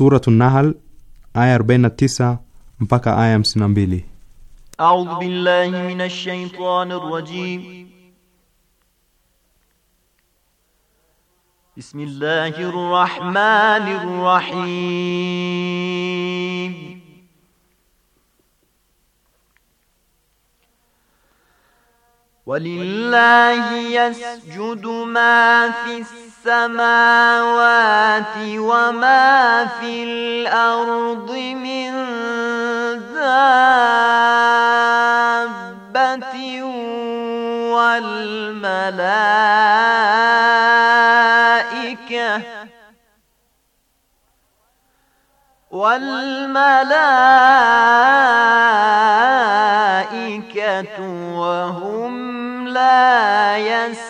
سورة Nahal آية 49 mpaka aya 52. A'udhu billahi minash shaitanir rajim. Bismillahir rahmanir rahim. ولله يسجد ما في السماء السماوات وما في الأرض من دابة والملائكة والملائكة وهم لا يسرون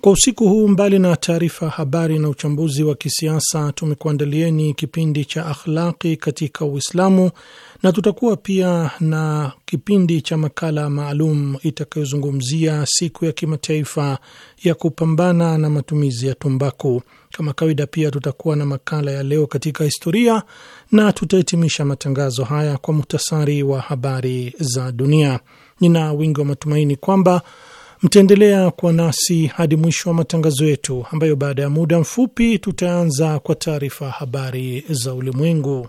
Kwa usiku huu, mbali na taarifa habari na uchambuzi wa kisiasa, tumekuandalieni kipindi cha akhlaqi katika Uislamu na tutakuwa pia na kipindi cha makala maalum itakayozungumzia siku ya kimataifa ya kupambana na matumizi ya tumbaku. Kama kawaida, pia tutakuwa na makala ya leo katika historia na tutahitimisha matangazo haya kwa muhtasari wa habari za dunia. Nina wingi wa matumaini kwamba Mtaendelea kuwa nasi hadi mwisho wa matangazo yetu, ambayo baada ya muda mfupi tutaanza kwa taarifa habari za ulimwengu.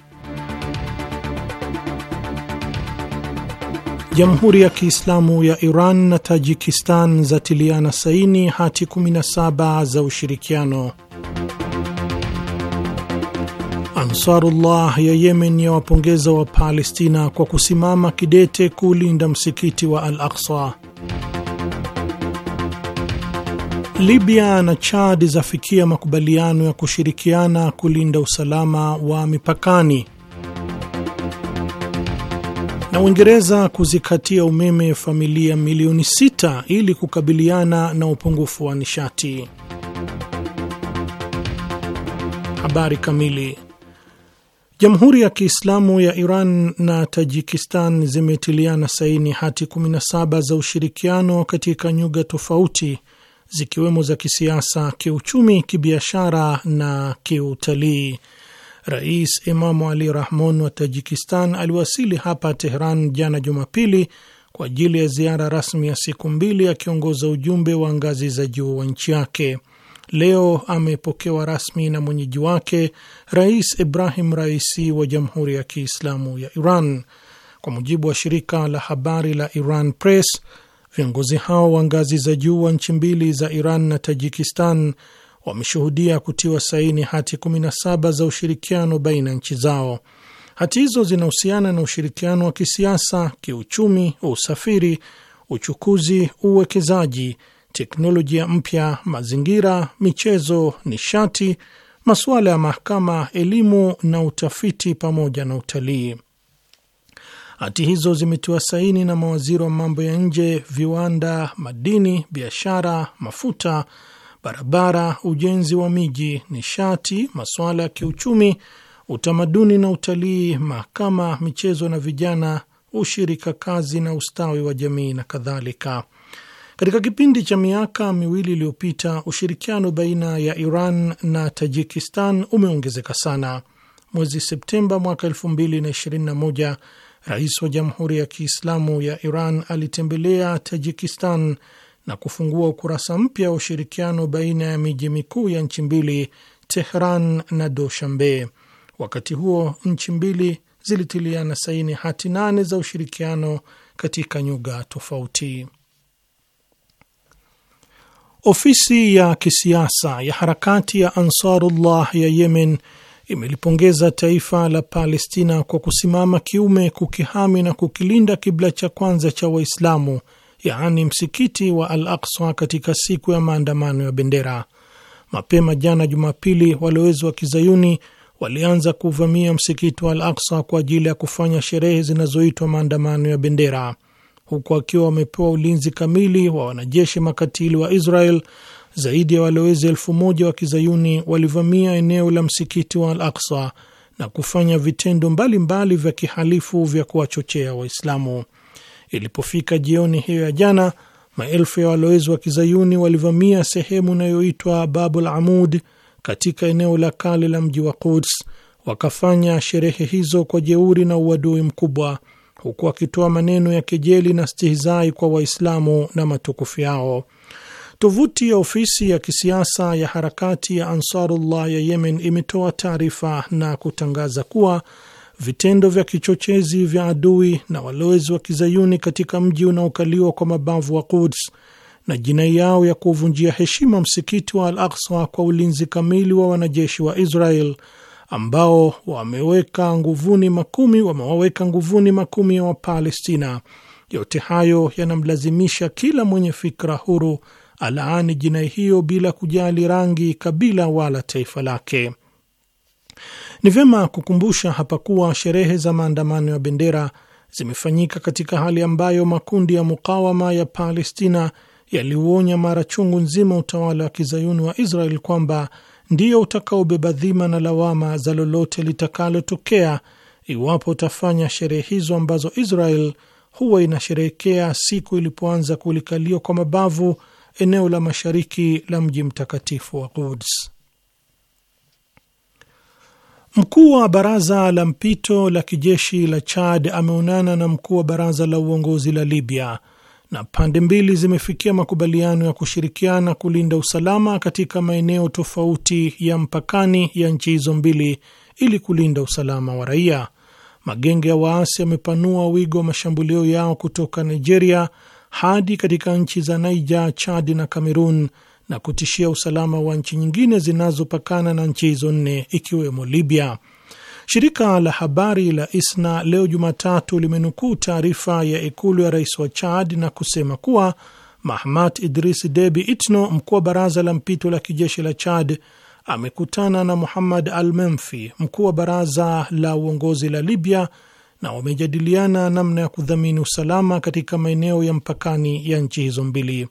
Jamhuri ya Kiislamu ya Iran na Tajikistan zatiliana saini hati 17 za ushirikiano. Ansarullah ya Yemen yawapongeza Wapalestina kwa kusimama kidete kulinda msikiti wa Al Aqsa. Libya na Chad zafikia makubaliano ya kushirikiana kulinda usalama wa mipakani na Uingereza kuzikatia umeme familia milioni sita ili kukabiliana na upungufu wa nishati. Habari kamili. Jamhuri ya Kiislamu ya Iran na Tajikistan zimetiliana saini hati 17 za ushirikiano katika nyuga tofauti zikiwemo za kisiasa, kiuchumi, kibiashara na kiutalii. Rais Imamu Ali Rahmon wa Tajikistan aliwasili hapa Tehran jana Jumapili kwa ajili ya ziara rasmi ya siku mbili akiongoza ujumbe wa ngazi za juu wa nchi yake. Leo amepokewa rasmi na mwenyeji wake Rais Ibrahim Raisi wa Jamhuri ya Kiislamu ya Iran. Kwa mujibu wa shirika la habari la Iran Press, viongozi hao wa ngazi za juu wa nchi mbili za Iran na Tajikistan wameshuhudia kutiwa saini hati 17 za ushirikiano baina ya nchi zao. Hati hizo zinahusiana na ushirikiano wa kisiasa, kiuchumi, usafiri, uchukuzi, uwekezaji, teknolojia mpya, mazingira, michezo, nishati, masuala ya mahakama, elimu na utafiti, pamoja na utalii. Hati hizo zimetiwa saini na mawaziri wa mambo ya nje, viwanda, madini, biashara, mafuta barabara, ujenzi wa miji, nishati, masuala ya kiuchumi, utamaduni na utalii, mahakama, michezo na vijana, ushirika kazi na ustawi wa jamii na kadhalika. Katika kipindi cha miaka miwili iliyopita, ushirikiano baina ya Iran na Tajikistan umeongezeka sana. Mwezi Septemba mwaka 2021 rais wa Jamhuri ya Kiislamu ya Iran alitembelea Tajikistan na kufungua ukurasa mpya wa ushirikiano baina ya miji mikuu ya nchi mbili, Tehran na Doshambe. Wakati huo nchi mbili zilitiliana saini hati nane za ushirikiano katika nyuga tofauti. Ofisi ya kisiasa ya harakati ya Ansarullah ya Yemen imelipongeza taifa la Palestina kwa kusimama kiume kukihami na kukilinda kibla cha kwanza cha Waislamu yaani msikiti wa Al Aksa katika siku ya maandamano ya bendera. Mapema jana Jumapili, walowezi wa kizayuni walianza kuvamia msikiti wa Al Aksa kwa ajili ya kufanya sherehe zinazoitwa maandamano ya bendera, huku wakiwa wamepewa ulinzi kamili wa wanajeshi makatili wa Israel. Zaidi ya walowezi elfu moja wa kizayuni walivamia eneo la msikiti wa Al Aksa na kufanya vitendo mbalimbali mbali vya kihalifu vya kuwachochea Waislamu. Ilipofika jioni hiyo ya jana, maelfu ya walowezi wa kizayuni walivamia sehemu inayoitwa Babul Amud katika eneo la kale la mji wa Quds, wakafanya sherehe hizo kwa jeuri na uadui mkubwa, huku wakitoa maneno ya kejeli na stihizai kwa Waislamu na matukufu yao. Tovuti ya ofisi ya kisiasa ya harakati ya Ansarullah ya Yemen imetoa taarifa na kutangaza kuwa vitendo vya kichochezi vya adui na walowezi wa kizayuni katika mji unaokaliwa kwa mabavu wa Quds na jinai yao ya kuvunjia heshima msikiti wa Al Aksa kwa ulinzi kamili wa wanajeshi wa Israel ambao wameweka nguvuni makumi wamewaweka nguvuni makumi ya Wapalestina. Yote hayo yanamlazimisha kila mwenye fikra huru alaani jinai hiyo bila kujali rangi, kabila wala taifa lake. Ni vyema kukumbusha hapa kuwa sherehe za maandamano ya bendera zimefanyika katika hali ambayo makundi ya mukawama ya Palestina yaliuonya mara chungu nzima utawala wa kizayuni wa Israel kwamba ndiyo utakaobeba dhima na lawama za lolote litakalotokea iwapo utafanya sherehe hizo ambazo Israel huwa inasherehekea siku ilipoanza kulikaliwa kwa mabavu eneo la mashariki la mji mtakatifu wa Quds. Mkuu wa baraza la mpito la kijeshi la Chad ameonana na mkuu wa baraza la uongozi la Libya na pande mbili zimefikia makubaliano ya kushirikiana kulinda usalama katika maeneo tofauti ya mpakani ya nchi hizo mbili ili kulinda usalama wa raia. Magenge ya waasi yamepanua wigo wa mashambulio yao kutoka Nigeria hadi katika nchi za Niger, Chad na Cameroon na kutishia usalama wa nchi nyingine zinazopakana na nchi hizo nne ikiwemo Libya. Shirika la habari la ISNA leo Jumatatu limenukuu taarifa ya ikulu ya rais wa Chad na kusema kuwa Mahmat Idris Debi Itno, mkuu wa baraza la mpito la kijeshi la Chad, amekutana na Muhammad Al Memfi, mkuu wa baraza la uongozi la Libya, na wamejadiliana namna ya kudhamini usalama katika maeneo ya mpakani ya nchi hizo mbili.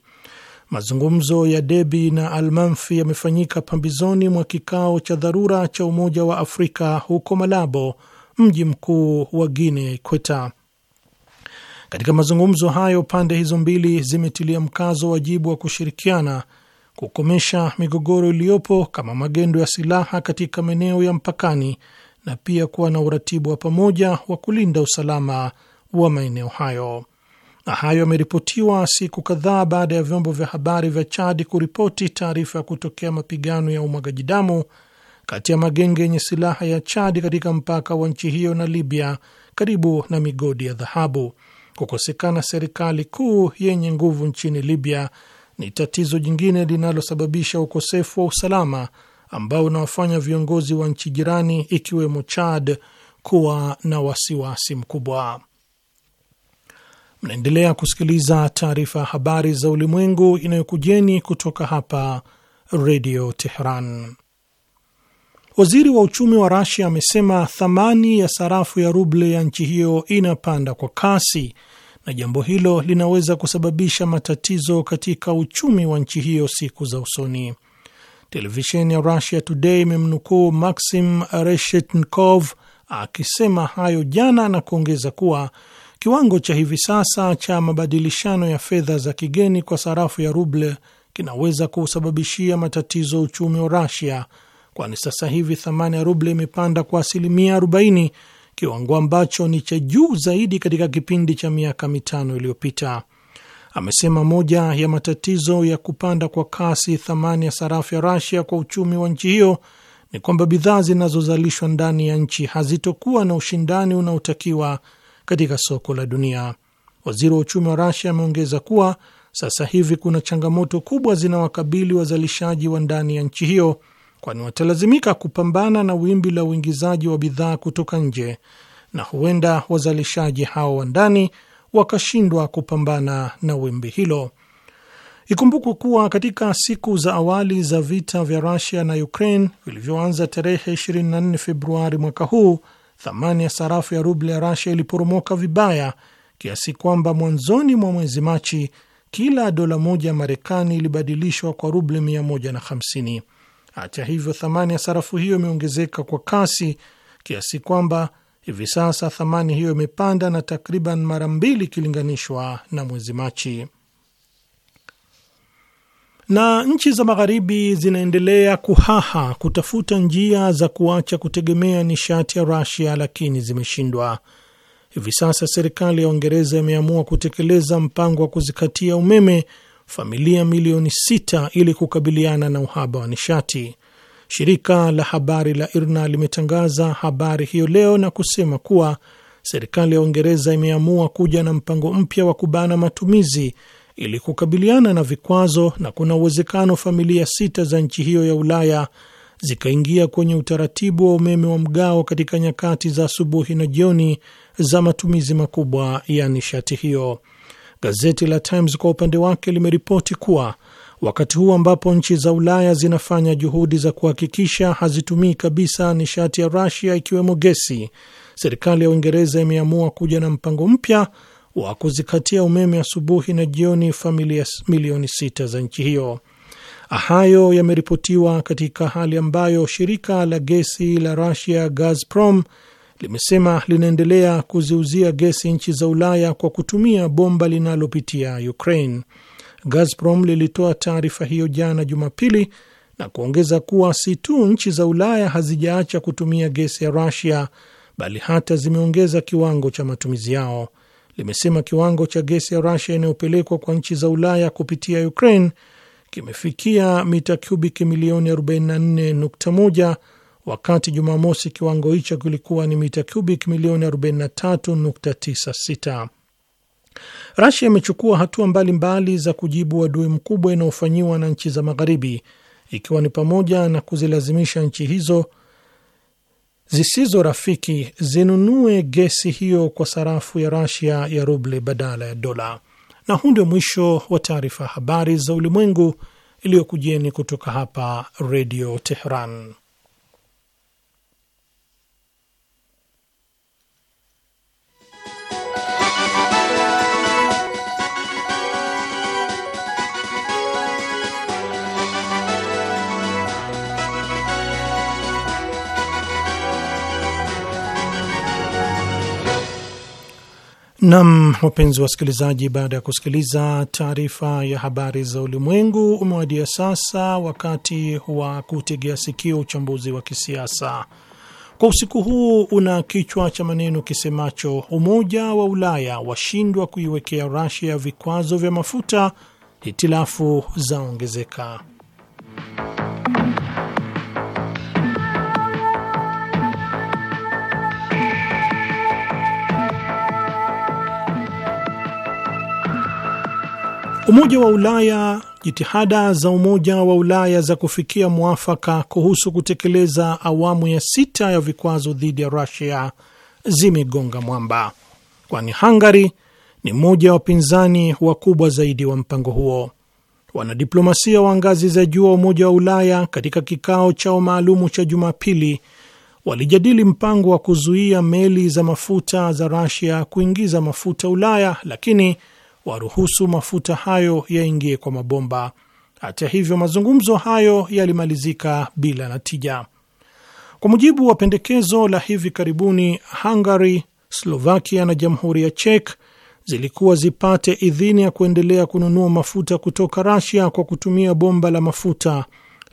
Mazungumzo ya Debi na Almanfi yamefanyika pambizoni mwa kikao cha dharura cha Umoja wa Afrika huko Malabo, mji mkuu wa Guine Ikweta. Katika mazungumzo hayo, pande hizo mbili zimetilia mkazo wajibu wa kushirikiana kukomesha migogoro iliyopo kama magendo ya silaha katika maeneo ya mpakani na pia kuwa na uratibu wa pamoja wa kulinda usalama wa maeneo hayo. Hayo yameripotiwa siku kadhaa baada ya vyombo vya habari vya Chadi kuripoti taarifa ya kutokea mapigano ya umwagaji damu kati ya magenge yenye silaha ya Chadi katika mpaka wa nchi hiyo na Libya karibu na migodi ya dhahabu. Kukosekana serikali kuu yenye nguvu nchini Libya ni tatizo jingine linalosababisha ukosefu wa usalama ambao unawafanya viongozi wa nchi jirani ikiwemo Chad kuwa na wasiwasi mkubwa. Mnaendelea kusikiliza taarifa ya habari za ulimwengu inayokujeni kutoka hapa Redio Teheran. Waziri wa uchumi wa Rasia amesema thamani ya sarafu ya ruble ya nchi hiyo inapanda kwa kasi na jambo hilo linaweza kusababisha matatizo katika uchumi wa nchi hiyo siku za usoni. Televisheni ya Russia Today imemnukuu Maxim Reshetnikov akisema hayo jana na kuongeza kuwa Kiwango cha hivi sasa cha mabadilishano ya fedha za kigeni kwa sarafu ya ruble kinaweza kusababishia matatizo ya uchumi wa rasia kwani sasa hivi thamani ya ruble imepanda kwa asilimia 40, kiwango ambacho ni cha juu zaidi katika kipindi cha miaka mitano iliyopita. Amesema moja ya matatizo ya kupanda kwa kasi thamani ya sarafu ya rasia kwa uchumi wa nchi hiyo ni kwamba bidhaa zinazozalishwa ndani ya nchi hazitokuwa na ushindani unaotakiwa katika soko la dunia. Waziri wa uchumi wa Rasia ameongeza kuwa sasa hivi kuna changamoto kubwa zinawakabili wazalishaji wa ndani ya nchi hiyo, kwani watalazimika kupambana na wimbi la uingizaji wa bidhaa kutoka nje, na huenda wazalishaji hao wa ndani wakashindwa kupambana na wimbi hilo. Ikumbukwe kuwa katika siku za awali za vita vya Rusia na Ukraine vilivyoanza tarehe 24 Februari mwaka huu thamani ya sarafu ya ruble ya Rasia iliporomoka vibaya kiasi kwamba mwanzoni mwa mwezi Machi kila dola moja ya Marekani ilibadilishwa kwa ruble 150. Hata hivyo, thamani ya sarafu hiyo imeongezeka kwa kasi kiasi kwamba hivi sasa thamani hiyo imepanda na takriban mara mbili ikilinganishwa na mwezi Machi na nchi za magharibi zinaendelea kuhaha kutafuta njia za kuacha kutegemea nishati ya rasia lakini zimeshindwa. Hivi sasa serikali ya Uingereza imeamua kutekeleza mpango wa kuzikatia umeme familia milioni sita ili kukabiliana na uhaba wa nishati. Shirika la habari la IRNA limetangaza habari hiyo leo na kusema kuwa serikali ya Uingereza imeamua kuja na mpango mpya wa kubana matumizi ili kukabiliana na vikwazo, na kuna uwezekano familia sita za nchi hiyo ya Ulaya zikaingia kwenye utaratibu wa umeme wa mgao katika nyakati za asubuhi na jioni za matumizi makubwa ya nishati hiyo. Gazeti la Times kwa upande wake limeripoti kuwa wakati huu ambapo nchi za Ulaya zinafanya juhudi za kuhakikisha hazitumii kabisa nishati ya rasia ikiwemo gesi, serikali ya Uingereza imeamua kuja na mpango mpya wa kuzikatia umeme asubuhi na jioni familia milioni sita za nchi hiyo. Hayo yameripotiwa katika hali ambayo shirika la gesi la Russia Gazprom limesema linaendelea kuziuzia gesi nchi za Ulaya kwa kutumia bomba linalopitia Ukraine. Gazprom lilitoa taarifa hiyo jana Jumapili na kuongeza kuwa si tu nchi za Ulaya hazijaacha kutumia gesi ya Russia bali hata zimeongeza kiwango cha matumizi yao limesema kiwango cha gesi ya Rusia inayopelekwa kwa nchi za Ulaya kupitia Ukraine kimefikia mita cubic milioni 44.1 wakati Jumamosi kiwango hicho kilikuwa ni mita cubic milioni 43.96. Rasia imechukua hatua mbalimbali mbali za kujibu adui mkubwa inayofanyiwa na nchi za Magharibi, ikiwa ni pamoja na kuzilazimisha nchi hizo zisizo rafiki zinunue gesi hiyo kwa sarafu ya Rasia ya ruble badala ya dola. Na huu ndio mwisho wa taarifa ya habari za ulimwengu iliyokujeni kutoka hapa Redio Teheran. Nam, wapenzi wasikilizaji, baada ya kusikiliza taarifa ya habari za ulimwengu, umewadia sasa wakati wa kutegea sikio uchambuzi wa kisiasa kwa usiku huu. Una kichwa cha maneno kisemacho Umoja wa Ulaya washindwa kuiwekea Russia vikwazo vya mafuta, hitilafu zaongezeka. Umoja wa Ulaya. Jitihada za Umoja wa Ulaya za kufikia mwafaka kuhusu kutekeleza awamu ya sita ya vikwazo dhidi ya Rusia zimegonga mwamba, kwani Hungary ni mmoja wa wapinzani wakubwa zaidi wa mpango huo. Wanadiplomasia wa ngazi za juu wa Umoja wa Ulaya katika kikao chao maalumu cha Jumapili walijadili mpango wa kuzuia meli za mafuta za Rusia kuingiza mafuta Ulaya, lakini waruhusu mafuta hayo yaingie kwa mabomba. Hata hivyo, mazungumzo hayo yalimalizika bila natija. Kwa mujibu wa pendekezo la hivi karibuni, Hungary, Slovakia na Jamhuri ya Czech zilikuwa zipate idhini ya kuendelea kununua mafuta kutoka Russia kwa kutumia bomba la mafuta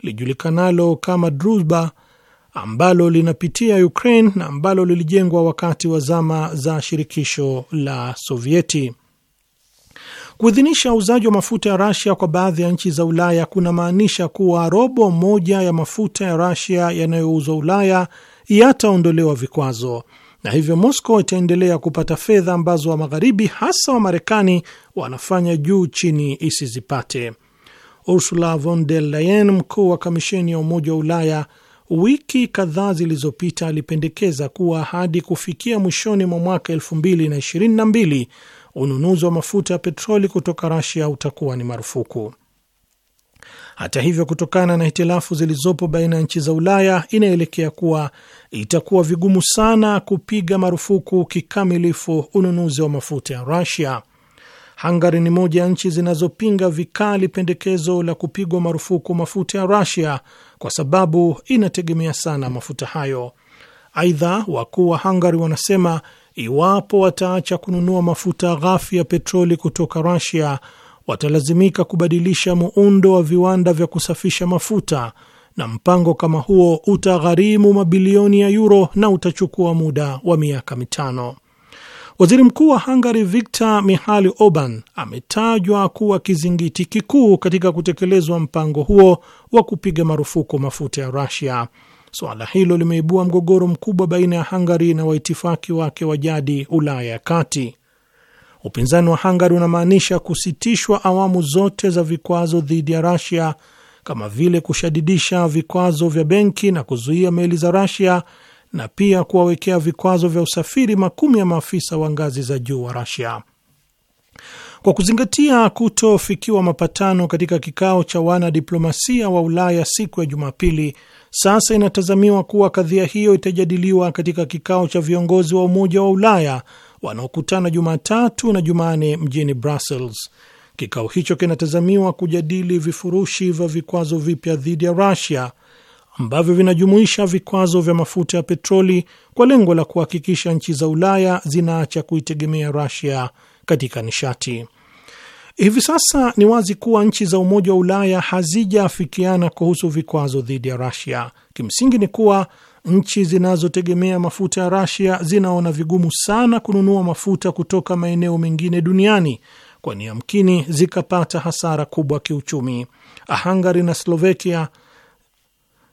lijulikanalo kama Druzhba ambalo linapitia Ukraine na ambalo lilijengwa wakati wa zama za shirikisho la Sovieti. Kuidhinisha uuzaji wa mafuta ya Rasia kwa baadhi ya nchi za Ulaya kunamaanisha kuwa robo moja ya mafuta ya Rasia yanayouzwa Ulaya yataondolewa vikwazo, na hivyo Moscow itaendelea kupata fedha ambazo wa Magharibi, hasa wa Marekani, wanafanya juu chini isizipate. Ursula von der Leyen, mkuu wa kamisheni ya Umoja wa Ulaya, wiki kadhaa zilizopita alipendekeza kuwa hadi kufikia mwishoni mwa mwaka mbili ununuzi wa mafuta ya petroli kutoka Rasia utakuwa ni marufuku. Hata hivyo, kutokana na hitilafu zilizopo baina ya nchi za Ulaya, inaelekea kuwa itakuwa vigumu sana kupiga marufuku kikamilifu ununuzi wa mafuta ya Rasia. Hungary ni moja ya nchi zinazopinga vikali pendekezo la kupigwa marufuku mafuta ya Rasia kwa sababu inategemea sana mafuta hayo. Aidha, wakuu wa Hungary wanasema Iwapo wataacha kununua mafuta ghafi ya petroli kutoka rasia watalazimika kubadilisha muundo wa viwanda vya kusafisha mafuta, na mpango kama huo utagharimu mabilioni ya yuro na utachukua muda wa miaka mitano. Waziri Mkuu wa Hungary Viktor Mihali Orban ametajwa kuwa kizingiti kikuu katika kutekelezwa mpango huo wa kupiga marufuku mafuta ya rusia Suala hilo limeibua mgogoro mkubwa baina ya Hungary na waitifaki wake wa jadi Ulaya ya Kati. Upinzani wa Hungary unamaanisha kusitishwa awamu zote za vikwazo dhidi ya Rasia, kama vile kushadidisha vikwazo vya benki na kuzuia meli za Rasia, na pia kuwawekea vikwazo vya usafiri makumi ya maafisa wa ngazi za juu wa Rasia. Kwa kuzingatia kutofikiwa mapatano katika kikao cha wanadiplomasia wa Ulaya siku ya Jumapili, sasa inatazamiwa kuwa kadhia hiyo itajadiliwa katika kikao cha viongozi wa Umoja wa Ulaya wanaokutana Jumatatu na Jumane mjini Brussels. Kikao hicho kinatazamiwa kujadili vifurushi vya vikwazo vipya dhidi ya Rusia ambavyo vinajumuisha vikwazo vya mafuta ya petroli kwa lengo la kuhakikisha nchi za Ulaya zinaacha kuitegemea Rusia katika nishati. Hivi sasa ni wazi kuwa nchi za Umoja wa Ulaya hazijaafikiana kuhusu vikwazo dhidi ya Rasia. Kimsingi ni kuwa nchi zinazotegemea mafuta ya Rasia zinaona vigumu sana kununua mafuta kutoka maeneo mengine duniani, kwani yamkini zikapata hasara kubwa kiuchumi. Hungary na Slovakia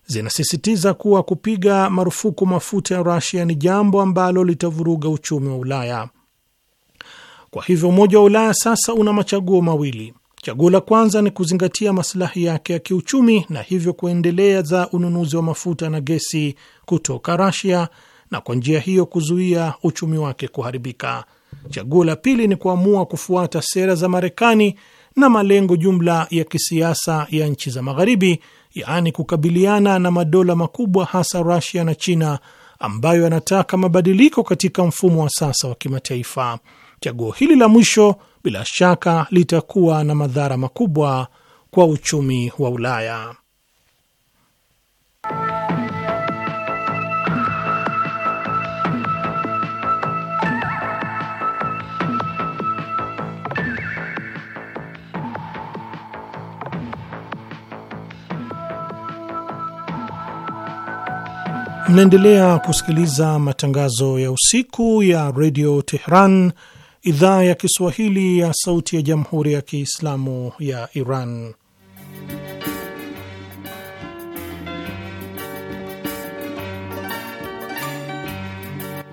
zinasisitiza kuwa kupiga marufuku mafuta ya Rasia ni jambo ambalo litavuruga uchumi wa Ulaya. Kwa hivyo Umoja wa Ulaya sasa una machaguo mawili. Chaguo la kwanza ni kuzingatia masilahi yake ya kiuchumi na hivyo kuendelea za ununuzi wa mafuta na gesi kutoka Rasia na kwa njia hiyo kuzuia uchumi wake kuharibika. Chaguo la pili ni kuamua kufuata sera za Marekani na malengo jumla ya kisiasa ya nchi za Magharibi, yaani kukabiliana na madola makubwa, hasa Rasia na China ambayo yanataka mabadiliko katika mfumo wa sasa wa kimataifa chaguo hili la mwisho bila shaka litakuwa na madhara makubwa kwa uchumi wa Ulaya. Mnaendelea kusikiliza matangazo ya usiku ya redio Tehran, idhaa ya Kiswahili ya Sauti ya Jamhuri ya Kiislamu ya Iran.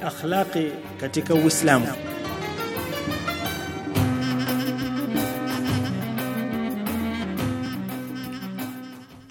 Akhlaqi katika Uislamu.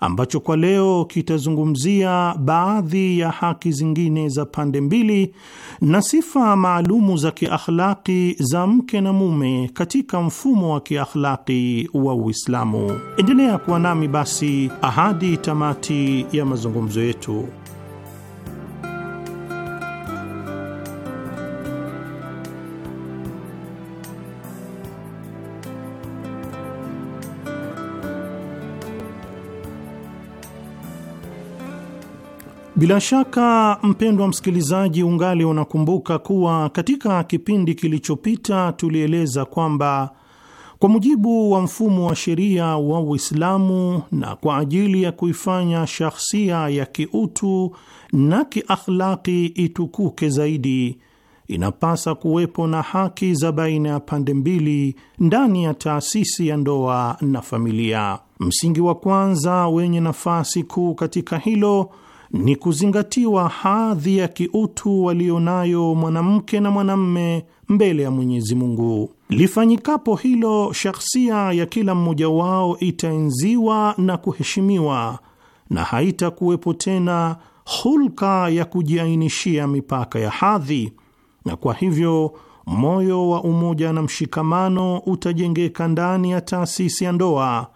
ambacho kwa leo kitazungumzia baadhi ya haki zingine za pande mbili na sifa maalumu za kiakhlaki za mke na mume katika mfumo wa kiakhlaki wa Uislamu. Endelea kuwa nami basi ahadi tamati ya mazungumzo yetu. Bila shaka mpendwa msikilizaji, ungali unakumbuka kuwa katika kipindi kilichopita tulieleza kwamba kwa mujibu wa mfumo wa sheria wa Uislamu na kwa ajili ya kuifanya shahsia ya kiutu na kiakhlaki itukuke zaidi, inapasa kuwepo na haki za baina ya pande mbili ndani ya taasisi ya ndoa na familia. Msingi wa kwanza wenye nafasi kuu katika hilo ni kuzingatiwa hadhi ya kiutu walionayo mwanamke na mwanamme mbele ya Mwenyezi Mungu. Lifanyikapo hilo, shakhsia ya kila mmoja wao itaenziwa na kuheshimiwa na haitakuwepo tena hulka ya kujiainishia mipaka ya hadhi, na kwa hivyo moyo wa umoja na mshikamano utajengeka ndani ya taasisi ya ndoa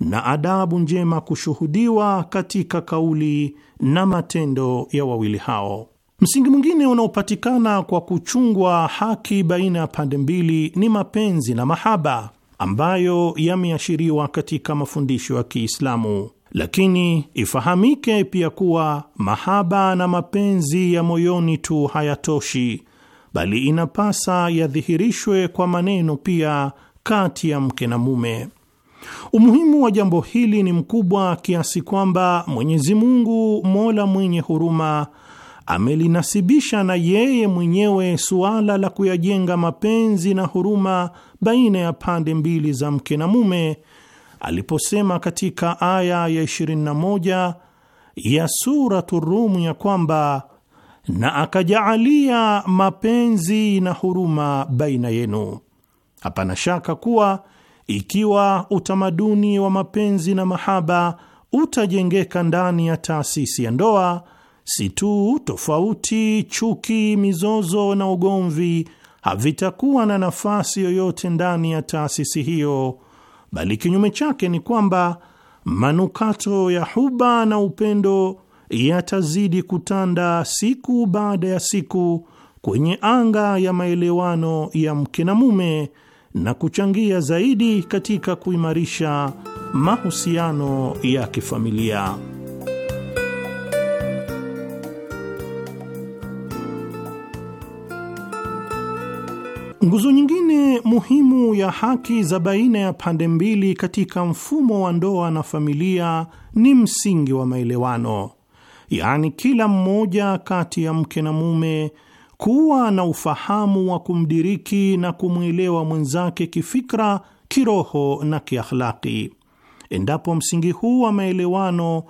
na adabu njema kushuhudiwa katika kauli na matendo ya wawili hao. Msingi mwingine unaopatikana kwa kuchungwa haki baina ya pande mbili ni mapenzi na mahaba ambayo yameashiriwa katika mafundisho ya Kiislamu. Lakini ifahamike pia kuwa mahaba na mapenzi ya moyoni tu hayatoshi, bali inapasa yadhihirishwe kwa maneno pia kati ya mke na mume. Umuhimu wa jambo hili ni mkubwa kiasi kwamba Mwenyezi Mungu Mola mwenye huruma amelinasibisha na yeye mwenyewe suala la kuyajenga mapenzi na huruma baina ya pande mbili za mke na mume aliposema katika aya ya 21 ya Suratu Rumu ya kwamba na akajaalia mapenzi na huruma baina yenu. Hapana shaka kuwa ikiwa utamaduni wa mapenzi na mahaba utajengeka ndani ya taasisi ya ndoa, si tu tofauti, chuki, mizozo na ugomvi havitakuwa na nafasi yoyote ndani ya taasisi hiyo, bali kinyume chake ni kwamba manukato ya huba na upendo yatazidi kutanda siku baada ya siku kwenye anga ya maelewano ya mke na mume na kuchangia zaidi katika kuimarisha mahusiano ya kifamilia. Nguzo nyingine muhimu ya haki za baina ya pande mbili katika mfumo wa ndoa na familia ni msingi wa maelewano, yaani kila mmoja kati ya mke na mume kuwa na ufahamu wa kumdiriki na kumwelewa mwenzake kifikra, kiroho na kiakhlaki. Endapo msingi huu wa maelewano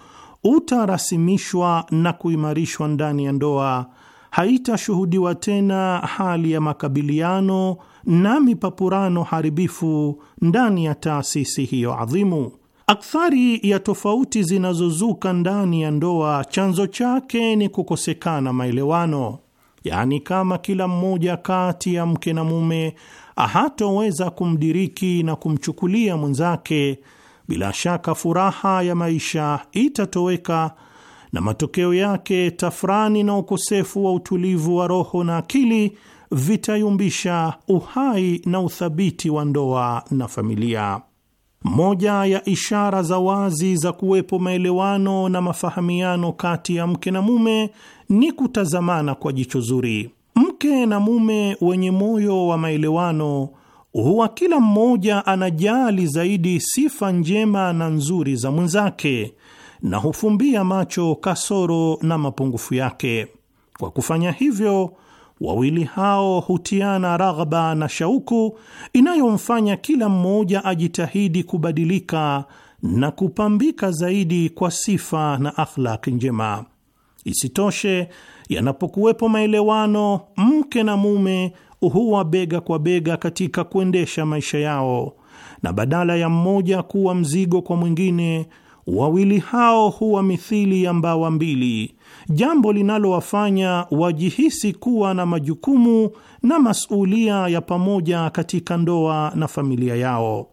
utarasimishwa na kuimarishwa ndani ya ndoa, haitashuhudiwa tena hali ya makabiliano na mipapurano haribifu ndani ya taasisi hiyo adhimu. Akthari ya tofauti zinazozuka ndani ya ndoa, chanzo chake ni kukosekana maelewano yaani kama kila mmoja kati ya mke na mume ahatoweza kumdiriki na kumchukulia mwenzake, bila shaka furaha ya maisha itatoweka na matokeo yake tafrani na ukosefu wa utulivu wa roho na akili vitayumbisha uhai na uthabiti wa ndoa na familia. Moja ya ishara za wazi za kuwepo maelewano na mafahamiano kati ya mke na mume ni kutazamana kwa jicho zuri. Mke na mume wenye moyo wa maelewano huwa kila mmoja anajali zaidi sifa njema na nzuri za mwenzake na hufumbia macho kasoro na mapungufu yake. Kwa kufanya hivyo, wawili hao hutiana raghaba na shauku inayomfanya kila mmoja ajitahidi kubadilika na kupambika zaidi kwa sifa na akhlaki njema. Isitoshe, yanapokuwepo maelewano, mke na mume huwa bega kwa bega katika kuendesha maisha yao, na badala ya mmoja kuwa mzigo kwa mwingine, wawili hao huwa mithili ya mbawa mbili, jambo linalowafanya wajihisi kuwa na majukumu na masulia ya pamoja katika ndoa na familia yao.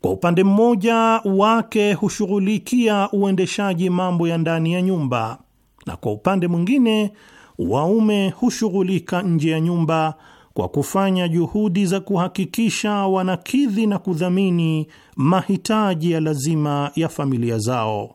Kwa upande mmoja, wake hushughulikia uendeshaji mambo ya ndani ya nyumba na kwa upande mwingine waume hushughulika nje ya nyumba kwa kufanya juhudi za kuhakikisha wanakidhi na kudhamini mahitaji ya lazima ya familia zao,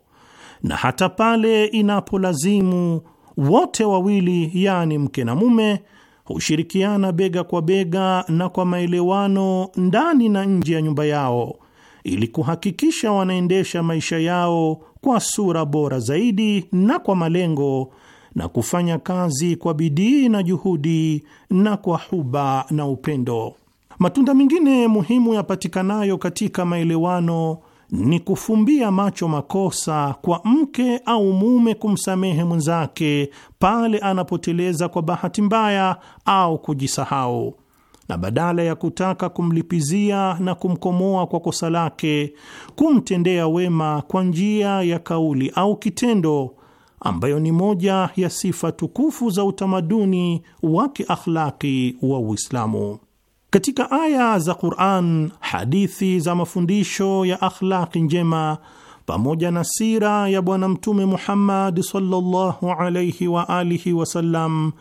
na hata pale inapolazimu, wote wawili, yaani mke na mume, hushirikiana bega kwa bega na kwa maelewano ndani na nje ya nyumba yao ili kuhakikisha wanaendesha maisha yao kwa sura bora zaidi na kwa malengo na kufanya kazi kwa bidii na juhudi na kwa huba na upendo. Matunda mengine muhimu yapatikanayo katika maelewano ni kufumbia macho makosa kwa mke au mume kumsamehe mwenzake pale anapoteleza kwa bahati mbaya au kujisahau na badala ya kutaka kumlipizia na kumkomoa kwa kosa lake, kumtendea wema kwa njia ya kauli au kitendo, ambayo ni moja ya sifa tukufu za utamaduni wa kiakhlaki wa Uislamu. Katika aya za Qur'an, hadithi za mafundisho ya akhlaki njema pamoja na sira ya Bwana Mtume Muhammad sallallahu alayhi wa alihi wasallam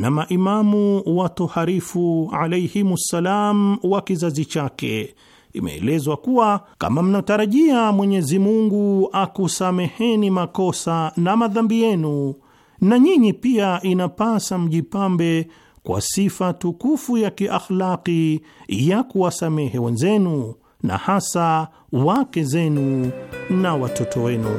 na maimamu watoharifu alaihimussalam wa kizazi chake, imeelezwa kuwa kama mnatarajia Mwenyezi Mungu akusameheni makosa na madhambi yenu, na nyinyi pia inapasa mjipambe kwa sifa tukufu ya kiakhlaki ya kuwasamehe wenzenu na hasa wake zenu na watoto wenu.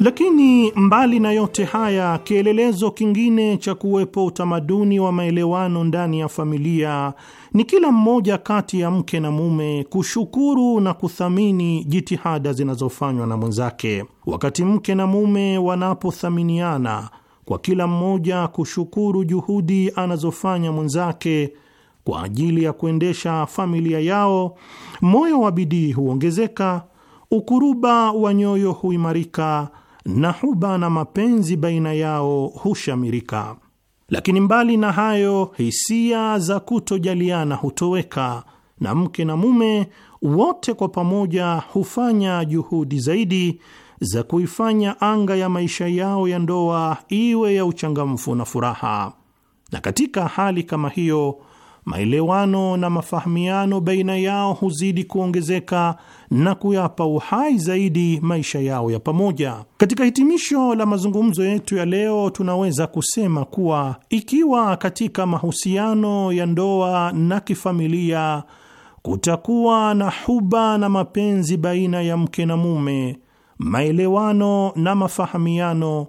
Lakini mbali na yote haya, kielelezo kingine cha kuwepo utamaduni wa maelewano ndani ya familia ni kila mmoja kati ya mke na mume kushukuru na kuthamini jitihada zinazofanywa na mwenzake. Wakati mke na mume wanapothaminiana kwa kila mmoja kushukuru juhudi anazofanya mwenzake kwa ajili ya kuendesha familia yao, moyo wa bidii huongezeka, ukuruba wa nyoyo huimarika na huba na mapenzi baina yao hushamirika. Lakini mbali na hayo, hisia za kutojaliana hutoweka na mke na mume wote kwa pamoja hufanya juhudi zaidi za kuifanya anga ya maisha yao ya ndoa iwe ya uchangamfu na furaha. Na katika hali kama hiyo maelewano na mafahamiano baina yao huzidi kuongezeka na kuyapa uhai zaidi maisha yao ya pamoja. Katika hitimisho la mazungumzo yetu ya leo, tunaweza kusema kuwa ikiwa katika mahusiano ya ndoa na kifamilia kutakuwa na huba na mapenzi baina ya mke na mume, maelewano na mafahamiano,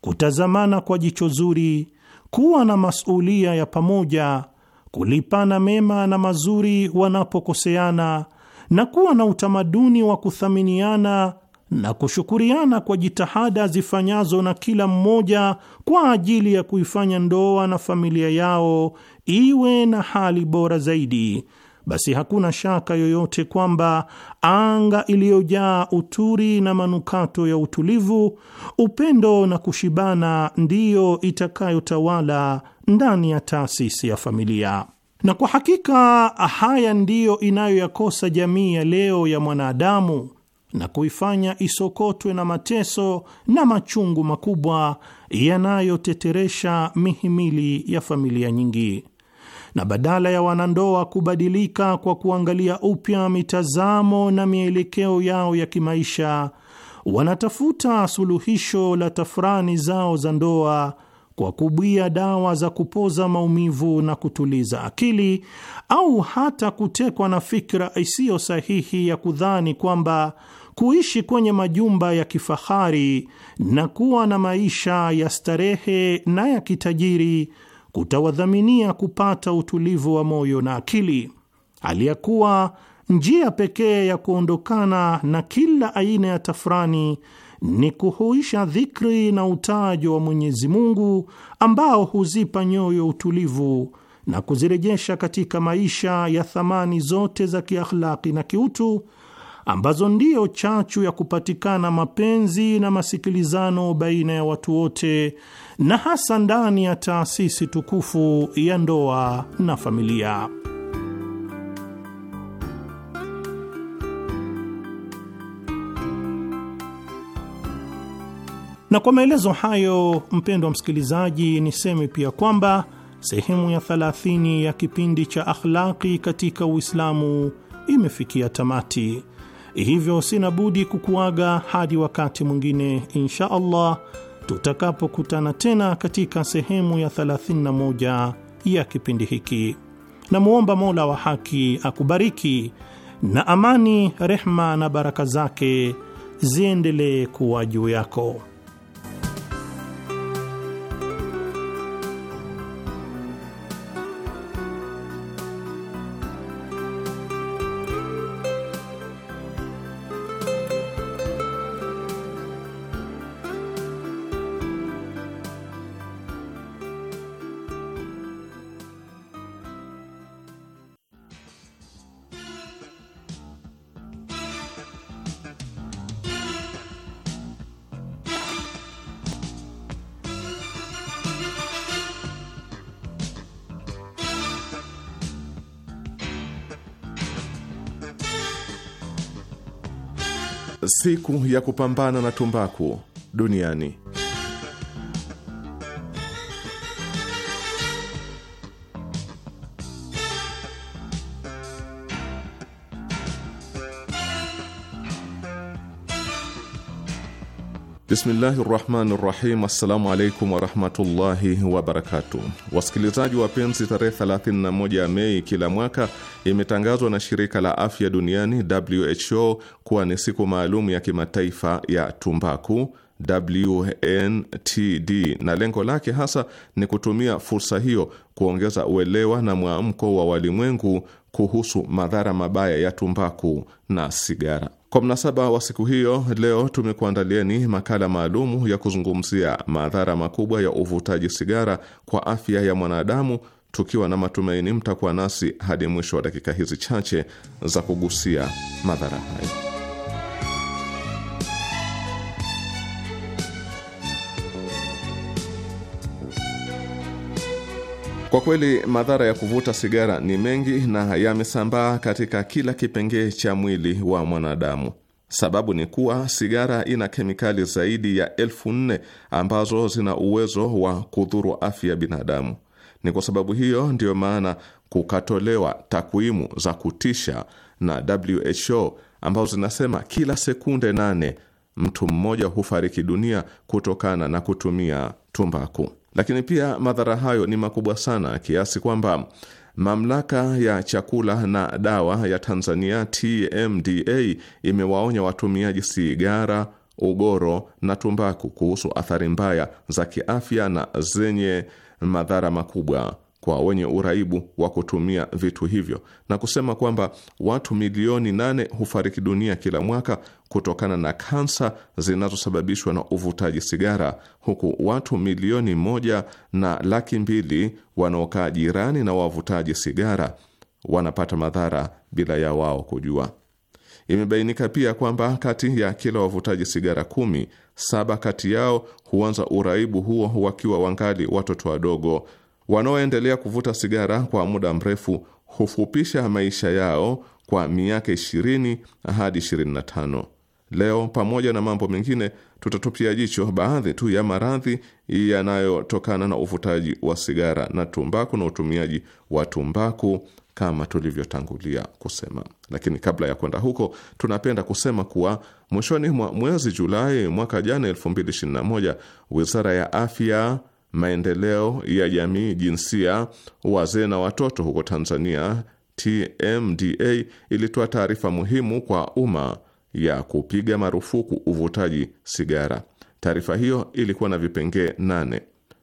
kutazamana kwa jicho zuri, kuwa na masulia ya pamoja kulipana mema na mazuri wanapokoseana na kuwa na utamaduni wa kuthaminiana na kushukuriana kwa jitihada zifanyazo na kila mmoja kwa ajili ya kuifanya ndoa na familia yao iwe na hali bora zaidi, basi hakuna shaka yoyote kwamba anga iliyojaa uturi na manukato ya utulivu, upendo na kushibana ndiyo itakayotawala ndani ya taasisi ya familia. Na kwa hakika haya ndiyo inayoyakosa jamii ya leo ya mwanadamu na kuifanya isokotwe na mateso na machungu makubwa yanayoteteresha mihimili ya familia nyingi. Na badala ya wanandoa kubadilika kwa kuangalia upya mitazamo na mielekeo yao ya kimaisha, wanatafuta suluhisho la tafrani zao za ndoa kwa kubwia dawa za kupoza maumivu na kutuliza akili, au hata kutekwa na fikra isiyo sahihi ya kudhani kwamba kuishi kwenye majumba ya kifahari na kuwa na maisha ya starehe na ya kitajiri kutawadhaminia kupata utulivu wa moyo na akili, hali ya kuwa njia pekee ya kuondokana na kila aina ya tafrani ni kuhuisha dhikri na utajo wa Mwenyezi Mungu ambao huzipa nyoyo utulivu na kuzirejesha katika maisha ya thamani zote za kiakhlaki na kiutu ambazo ndiyo chachu ya kupatikana mapenzi na masikilizano baina ya watu wote na hasa ndani ya taasisi tukufu ya ndoa na familia. Na kwa maelezo hayo, mpendwa msikilizaji, niseme pia kwamba sehemu ya 30 ya kipindi cha akhlaqi katika Uislamu imefikia tamati. Hivyo sina budi kukuaga hadi wakati mwingine insha Allah tutakapokutana tena katika sehemu ya 31 ya kipindi hiki. Namwomba Mola wa haki akubariki, na amani, rehma na baraka zake ziendelee kuwa juu yako. siku ya kupambana na tumbaku duniani. Bismillahi rahmani rahim. Assalamu alaikum warahmatullahi wabarakatuh. Wasikilizaji wapenzi, tarehe 31 Mei kila mwaka imetangazwa na shirika la afya duniani WHO kuwa ni siku maalum ya kimataifa ya tumbaku WNTD, na lengo lake hasa ni kutumia fursa hiyo kuongeza uelewa na mwamko wa walimwengu kuhusu madhara mabaya ya tumbaku na sigara. Kwa mnasaba wa siku hiyo, leo tumekuandalieni makala maalumu ya kuzungumzia madhara makubwa ya uvutaji sigara kwa afya ya mwanadamu tukiwa na matumaini mtakuwa nasi hadi mwisho wa dakika hizi chache za kugusia madhara hayo. Kwa kweli madhara ya kuvuta sigara ni mengi na yamesambaa katika kila kipengee cha mwili wa mwanadamu. Sababu ni kuwa sigara ina kemikali zaidi ya elfu nne ambazo zina uwezo wa kudhuru afya ya binadamu. Ni kwa sababu hiyo ndiyo maana kukatolewa takwimu za kutisha na WHO ambazo zinasema kila sekunde nane mtu mmoja hufariki dunia kutokana na kutumia tumbaku. Lakini pia madhara hayo ni makubwa sana kiasi kwamba Mamlaka ya chakula na dawa ya Tanzania TMDA imewaonya watumiaji sigara, ugoro na tumbaku kuhusu athari mbaya za kiafya na zenye madhara makubwa kwa wenye uraibu wa kutumia vitu hivyo na kusema kwamba watu milioni nane hufariki dunia kila mwaka kutokana na kansa zinazosababishwa na uvutaji sigara, huku watu milioni moja na laki mbili wanaokaa jirani na wavutaji sigara wanapata madhara bila ya wao kujua. Imebainika pia kwamba kati ya kila wavutaji sigara kumi saba kati yao huanza uraibu huo wakiwa wangali watoto wadogo. Wanaoendelea kuvuta sigara kwa muda mrefu hufupisha maisha yao kwa miaka 20 hadi 25. Leo pamoja na mambo mengine tutatupia jicho baadhi tu ya maradhi yanayotokana na uvutaji wa sigara na tumbaku na utumiaji wa tumbaku kama tulivyotangulia kusema. Lakini kabla ya kwenda huko, tunapenda kusema kuwa mwishoni mwa mwezi Julai mwaka jana 2021, Wizara ya Afya, Maendeleo ya Jamii, Jinsia, Wazee na Watoto huko Tanzania, TMDA, ilitoa taarifa muhimu kwa umma ya kupiga marufuku uvutaji sigara. Taarifa hiyo ilikuwa na vipengee nane.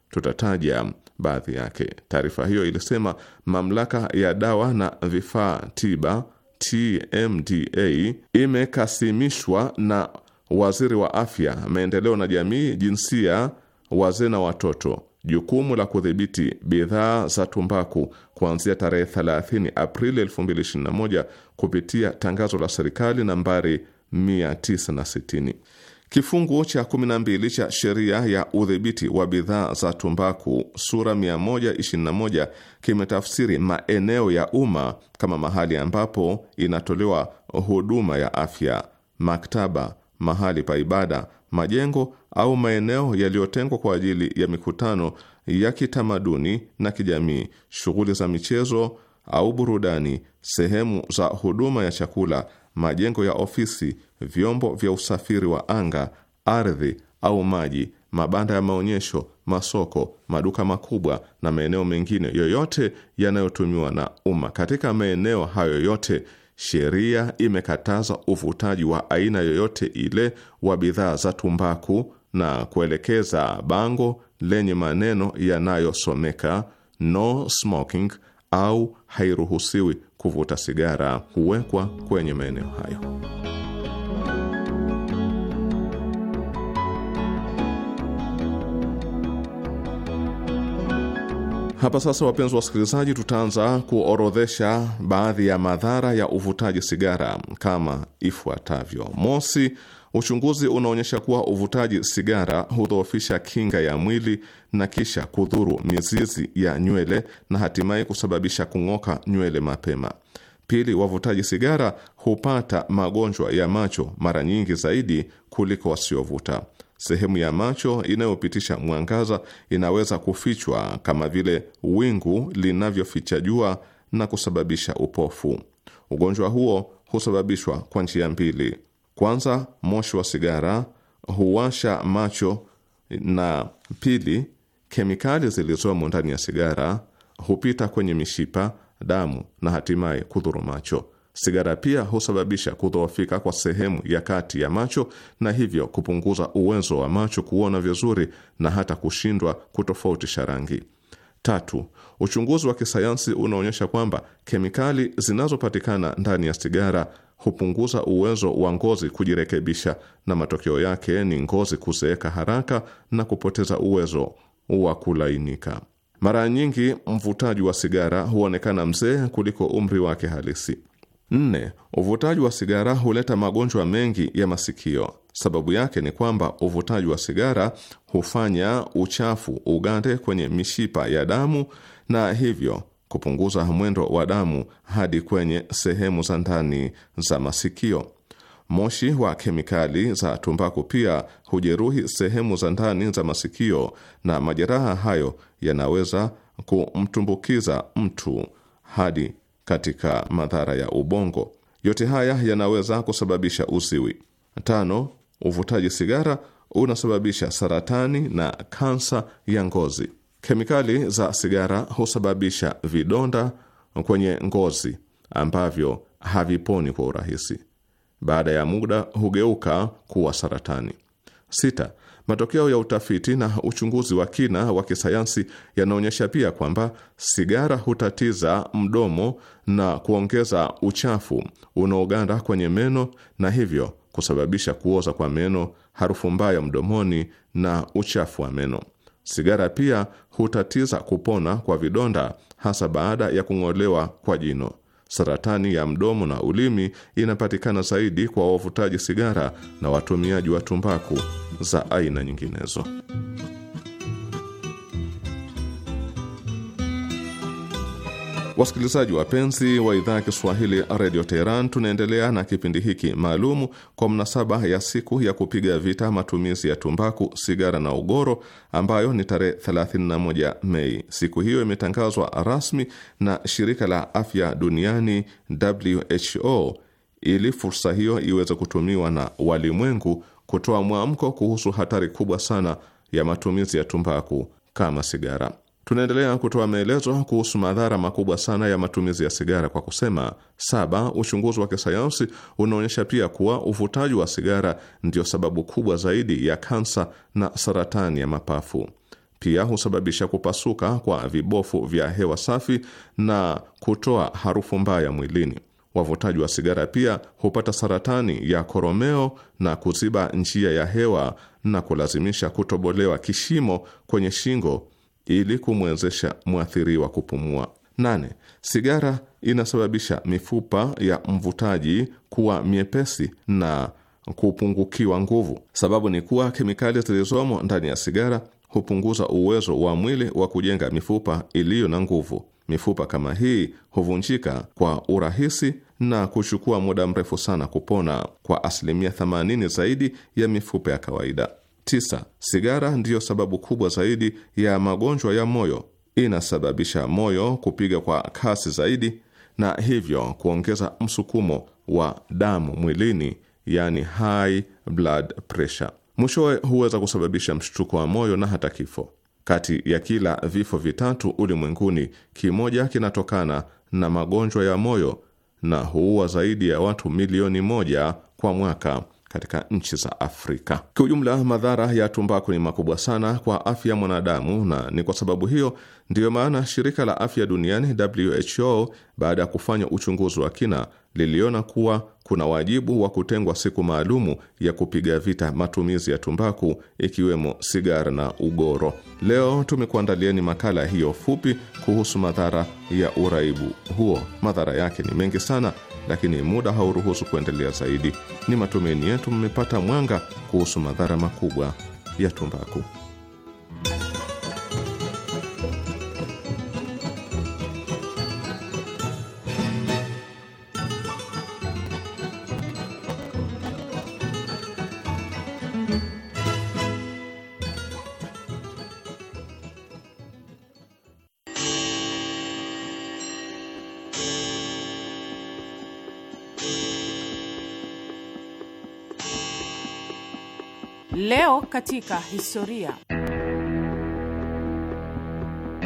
Tutataja baadhi yake. Taarifa hiyo ilisema mamlaka ya dawa na vifaa tiba TMDA imekasimishwa na waziri wa afya, maendeleo na jamii, jinsia, wazee na watoto jukumu la kudhibiti bidhaa za tumbaku kuanzia tarehe 30 Aprili 2021 kupitia tangazo la serikali nambari 960. Kifungu cha 12 cha sheria ya udhibiti wa bidhaa za tumbaku sura 121 kimetafsiri maeneo ya umma kama mahali ambapo inatolewa huduma ya afya, maktaba, mahali pa ibada, majengo au maeneo yaliyotengwa kwa ajili ya mikutano ya kitamaduni na kijamii, shughuli za michezo au burudani, sehemu za huduma ya chakula majengo ya ofisi, vyombo vya usafiri wa anga, ardhi au maji, mabanda ya maonyesho, masoko, maduka makubwa na maeneo mengine yoyote yanayotumiwa na umma. Katika maeneo hayo yote sheria imekataza uvutaji wa aina yoyote ile wa bidhaa za tumbaku na kuelekeza bango lenye maneno yanayosomeka no smoking au hairuhusiwi kuvuta sigara huwekwa kwenye maeneo hayo. Hapa sasa, wapenzi wasikilizaji, tutaanza kuorodhesha baadhi ya madhara ya uvutaji sigara kama ifuatavyo: mosi, Uchunguzi unaonyesha kuwa uvutaji sigara hudhoofisha kinga ya mwili na kisha kudhuru mizizi ya nywele na hatimaye kusababisha kung'oka nywele mapema. Pili, wavutaji sigara hupata magonjwa ya macho mara nyingi zaidi kuliko wasiovuta. Sehemu ya macho inayopitisha mwangaza inaweza kufichwa kama vile wingu linavyoficha jua na kusababisha upofu. Ugonjwa huo husababishwa kwa njia mbili: kwanza, moshi wa sigara huwasha macho, na pili, kemikali zilizomo ndani ya sigara hupita kwenye mishipa, damu na hatimaye kudhuru macho. Sigara pia husababisha kudhoofika kwa sehemu ya kati ya macho na hivyo kupunguza uwezo wa macho kuona vizuri na hata kushindwa kutofautisha rangi. Tatu, uchunguzi wa kisayansi unaonyesha kwamba kemikali zinazopatikana ndani ya sigara hupunguza uwezo wa ngozi kujirekebisha, na matokeo yake ni ngozi kuzeeka haraka na kupoteza uwezo wa kulainika. Mara nyingi mvutaji wa sigara huonekana mzee kuliko umri wake halisi. Nne, uvutaji wa sigara huleta magonjwa mengi ya masikio. Sababu yake ni kwamba uvutaji wa sigara hufanya uchafu ugande kwenye mishipa ya damu na hivyo kupunguza mwendo wa damu hadi kwenye sehemu za ndani za masikio. Moshi wa kemikali za tumbaku pia hujeruhi sehemu za ndani za masikio, na majeraha hayo yanaweza kumtumbukiza mtu hadi katika madhara ya ubongo. Yote haya yanaweza kusababisha uziwi. Tano, uvutaji sigara unasababisha saratani na kansa ya ngozi. Kemikali za sigara husababisha vidonda kwenye ngozi ambavyo haviponi kwa urahisi. Baada ya muda hugeuka kuwa saratani. Sita, matokeo ya utafiti na uchunguzi wa kina wa kisayansi yanaonyesha pia kwamba sigara hutatiza mdomo na kuongeza uchafu unaoganda kwenye meno na hivyo kusababisha kuoza kwa meno, harufu mbaya mdomoni na uchafu wa meno. Sigara pia hutatiza kupona kwa vidonda, hasa baada ya kung'olewa kwa jino. Saratani ya mdomo na ulimi inapatikana zaidi kwa wavutaji sigara na watumiaji wa tumbaku za aina nyinginezo. Wasikilizaji wapenzi wa idhaa ya Kiswahili redio Teheran, tunaendelea na kipindi hiki maalumu kwa mnasaba ya siku ya kupiga vita matumizi ya tumbaku, sigara na ugoro, ambayo ni tarehe 31 Mei. Siku hiyo imetangazwa rasmi na shirika la afya duniani WHO ili fursa hiyo iweze kutumiwa na walimwengu kutoa mwamko kuhusu hatari kubwa sana ya matumizi ya tumbaku kama sigara. Tunaendelea kutoa maelezo kuhusu madhara makubwa sana ya matumizi ya sigara kwa kusema, saba, uchunguzi wa kisayansi unaonyesha pia kuwa uvutaji wa sigara ndiyo sababu kubwa zaidi ya kansa na saratani ya mapafu. Pia husababisha kupasuka kwa vibofu vya hewa safi na kutoa harufu mbaya mwilini. Wavutaji wa sigara pia hupata saratani ya koromeo na kuziba njia ya hewa na kulazimisha kutobolewa kishimo kwenye shingo ili kumwezesha mwathiriwa kupumua. Nane, sigara inasababisha mifupa ya mvutaji kuwa miepesi na kupungukiwa nguvu. Sababu ni kuwa kemikali zilizomo ndani ya sigara hupunguza uwezo wa mwili wa kujenga mifupa iliyo na nguvu. Mifupa kama hii huvunjika kwa urahisi na kuchukua muda mrefu sana kupona kwa asilimia 80 zaidi ya mifupa ya kawaida. Tisa, sigara ndiyo sababu kubwa zaidi ya magonjwa ya moyo. Inasababisha moyo kupiga kwa kasi zaidi na hivyo kuongeza msukumo wa damu mwilini, yani high blood pressure. Mwishowe huweza kusababisha mshtuko wa moyo na hata kifo. Kati ya kila vifo vitatu ulimwenguni, kimoja kinatokana na magonjwa ya moyo na huua zaidi ya watu milioni moja kwa mwaka katika nchi za Afrika. Kiujumla, madhara ya tumbaku ni makubwa sana kwa afya ya mwanadamu, na ni kwa sababu hiyo ndiyo maana shirika la afya duniani WHO, baada ya kufanya uchunguzi wa kina, liliona kuwa kuna wajibu wa kutengwa siku maalumu ya kupiga vita matumizi ya tumbaku ikiwemo sigara na ugoro. Leo tumekuandalieni makala hiyo fupi kuhusu madhara ya uraibu huo. Madhara yake ni mengi sana, lakini muda hauruhusu kuendelea zaidi. Ni matumaini yetu mmepata mwanga kuhusu madhara makubwa ya tumbaku. katika historia.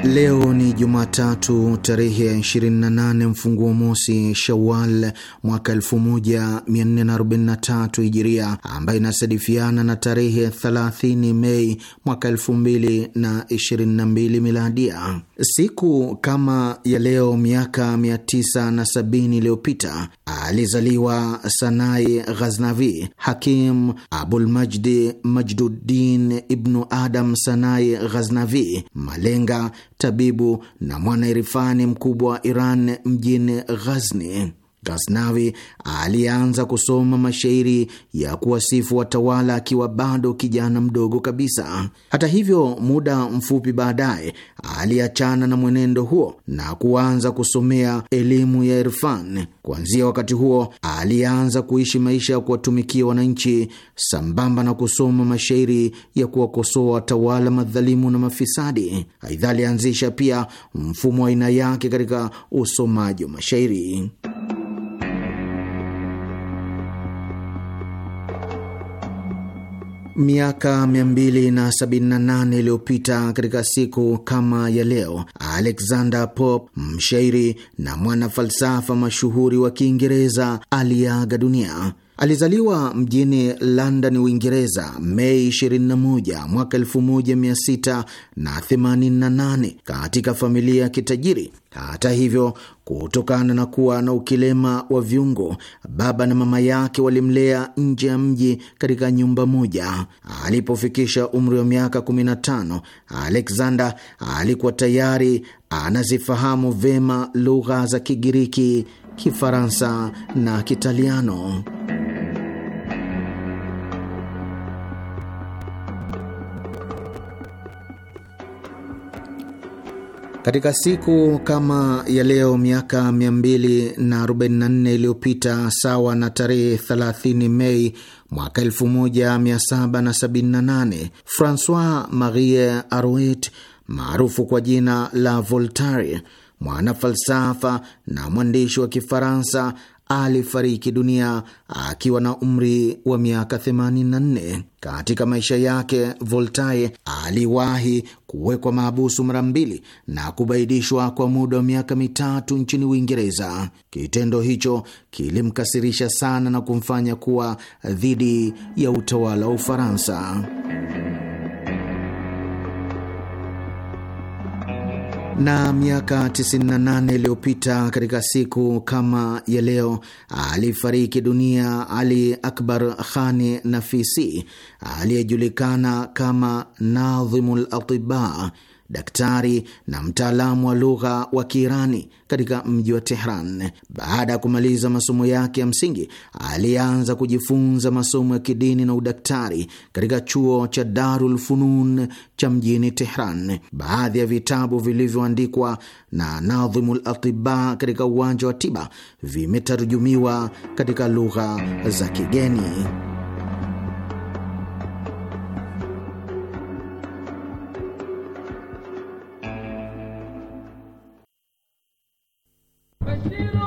Leo ni Jumatatu tarehe ya 28 mfunguo mosi Shawal mwaka 1443 Hijiria, ambayo inasadifiana na tarehe 30 Mei mwaka 2022 Miladia. Siku kama ya leo miaka 970 iliyopita alizaliwa Sanai Ghaznavi, Hakim Abulmajdi Majduddin Ibnu Adam Sanai Ghaznavi, malenga tabibu na mwanairifani mkubwa wa Iran mjini Ghazni. Gasnawi alianza kusoma mashairi ya kuwasifu watawala akiwa bado kijana mdogo kabisa. Hata hivyo, muda mfupi baadaye aliachana na mwenendo huo na kuanza kusomea elimu ya Irfan. Kuanzia wakati huo alianza kuishi maisha ya kuwatumikia wananchi sambamba na kusoma mashairi ya kuwakosoa watawala madhalimu na mafisadi. Aidha, alianzisha pia mfumo wa aina yake katika usomaji wa mashairi. Miaka 278 iliyopita katika siku kama ya leo, Alexander Pope, mshairi na mwanafalsafa mashuhuri wa Kiingereza, aliaga dunia. Alizaliwa mjini London, Uingereza, Mei 21 mwaka 1688 katika familia ya kitajiri. Hata hivyo, kutokana na kuwa na ukilema wa viungo, baba na mama yake walimlea nje ya mji katika nyumba moja. Alipofikisha umri wa miaka 15, Alexander alikuwa tayari anazifahamu vema lugha za Kigiriki, Kifaransa na Kitaliano. Katika siku kama ya leo miaka 244 iliyopita sawa na tarehe 30 Mei mwaka 1778, Francois Marie Arouet maarufu kwa jina la Voltaire, mwana falsafa na mwandishi wa Kifaransa alifariki dunia akiwa na umri wa miaka 84. Katika maisha yake Voltaire aliwahi kuwekwa mahabusu mara mbili na kubaidishwa kwa muda wa miaka mitatu nchini Uingereza. Kitendo hicho kilimkasirisha sana na kumfanya kuwa dhidi ya utawala wa Ufaransa. na miaka 98 iliyopita katika siku kama ya leo alifariki dunia Ali Akbar Khani Nafisi aliyejulikana kama Nadhimul Atiba daktari na mtaalamu wa lugha wa Kiirani katika mji wa Tehran. Baada ya kumaliza masomo yake ya msingi, alianza kujifunza masomo ya kidini na udaktari katika chuo cha Darul Funun cha mjini Tehran. Baadhi ya vitabu vilivyoandikwa na Nadhimu Latiba katika uwanja wa tiba vimetarujumiwa katika lugha za kigeni. Bashir!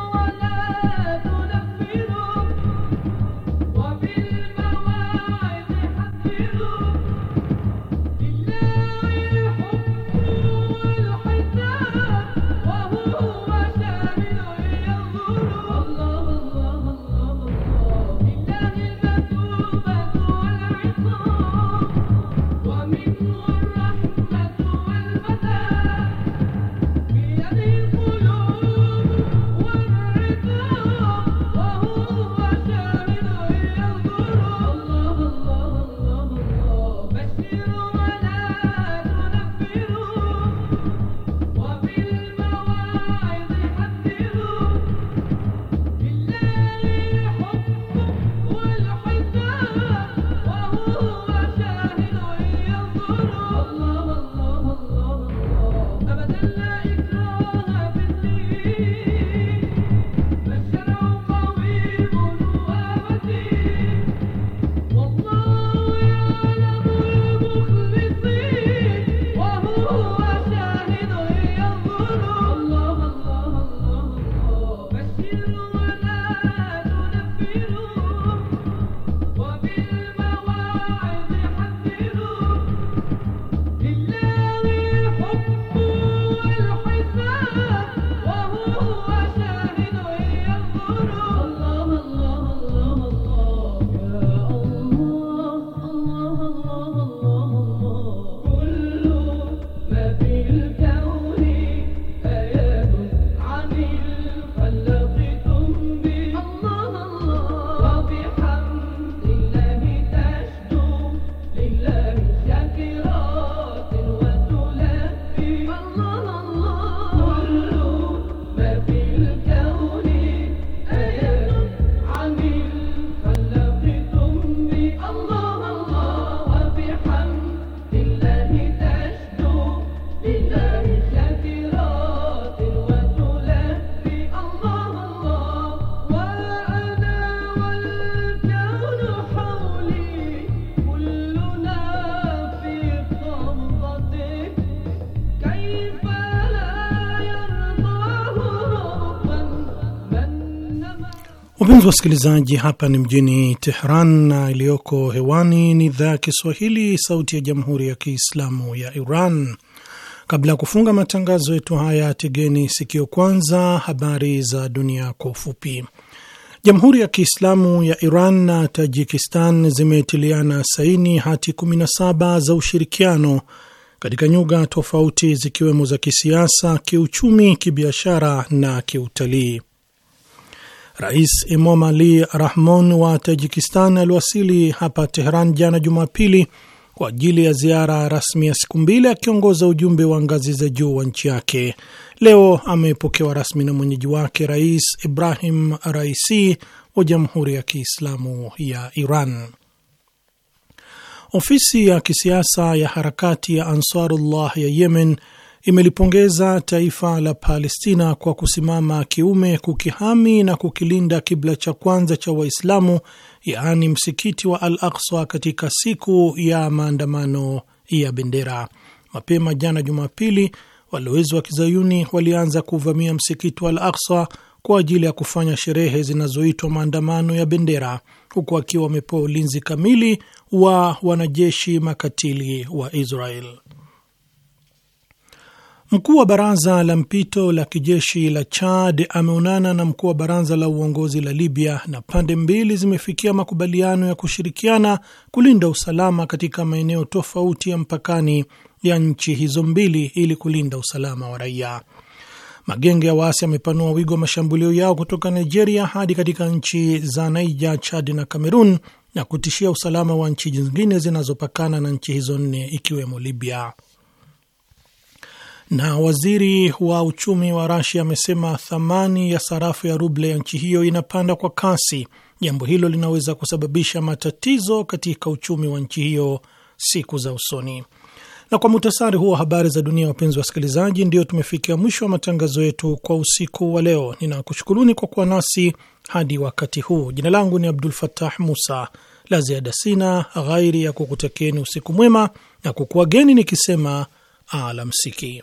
Wapenzi wasikilizaji, hapa ni mjini Tehran na iliyoko hewani ni idhaa ya Kiswahili, sauti ya jamhuri ya kiislamu ya Iran. Kabla ya kufunga matangazo yetu haya, tegeni sikio kwanza habari za dunia kwa ufupi. Jamhuri ya Kiislamu ya Iran na Tajikistan zimetiliana saini hati 17 za ushirikiano katika nyuga tofauti zikiwemo za kisiasa, kiuchumi, kibiashara na kiutalii. Rais Emomali Rahmon wa Tajikistan aliwasili hapa teheran jana Jumapili kwa ajili ya ziara rasmi ya siku mbili akiongoza ujumbe wa ngazi za juu wa nchi yake. Leo amepokewa rasmi na mwenyeji wake Rais Ibrahim Raisi wa Jamhuri ya Kiislamu ya Iran. Ofisi ya kisiasa ya harakati ya Ansarullah ya Yemen imelipongeza taifa la Palestina kwa kusimama kiume kukihami na kukilinda kibla cha kwanza cha Waislamu, yaani msikiti wa Al Aqsa, katika siku ya maandamano ya bendera. Mapema jana Jumapili, walowezi wa kizayuni walianza kuvamia msikiti wa Al Aqsa kwa ajili ya kufanya sherehe zinazoitwa maandamano ya bendera, huku akiwa wamepewa ulinzi kamili wa wanajeshi makatili wa Israel. Mkuu wa baraza la mpito la kijeshi la Chad ameonana na mkuu wa baraza la uongozi la Libya na pande mbili zimefikia makubaliano ya kushirikiana kulinda usalama katika maeneo tofauti ya mpakani ya nchi hizo mbili ili kulinda usalama wa raia. Magenge ya waasi yamepanua wigo wa mashambulio yao kutoka Nigeria hadi katika nchi za Naija, Chad na Kamerun na kutishia usalama wa nchi zingine zinazopakana na nchi hizo nne ikiwemo Libya. Na waziri wa uchumi wa Rasia amesema thamani ya sarafu ya ruble ya nchi hiyo inapanda kwa kasi, jambo hilo linaweza kusababisha matatizo katika uchumi wa nchi hiyo siku za usoni. Na kwa muhtasari huo habari za dunia, wapenzi wa wasikilizaji, ndio tumefikia mwisho wa matangazo yetu kwa usiku wa leo. Ninakushukuruni kwa kuwa nasi hadi wakati huu. Jina langu ni Abdul Fatah Musa. La ziada sina ghairi ya kukutakieni usiku mwema na kukuageni nikisema alamsiki.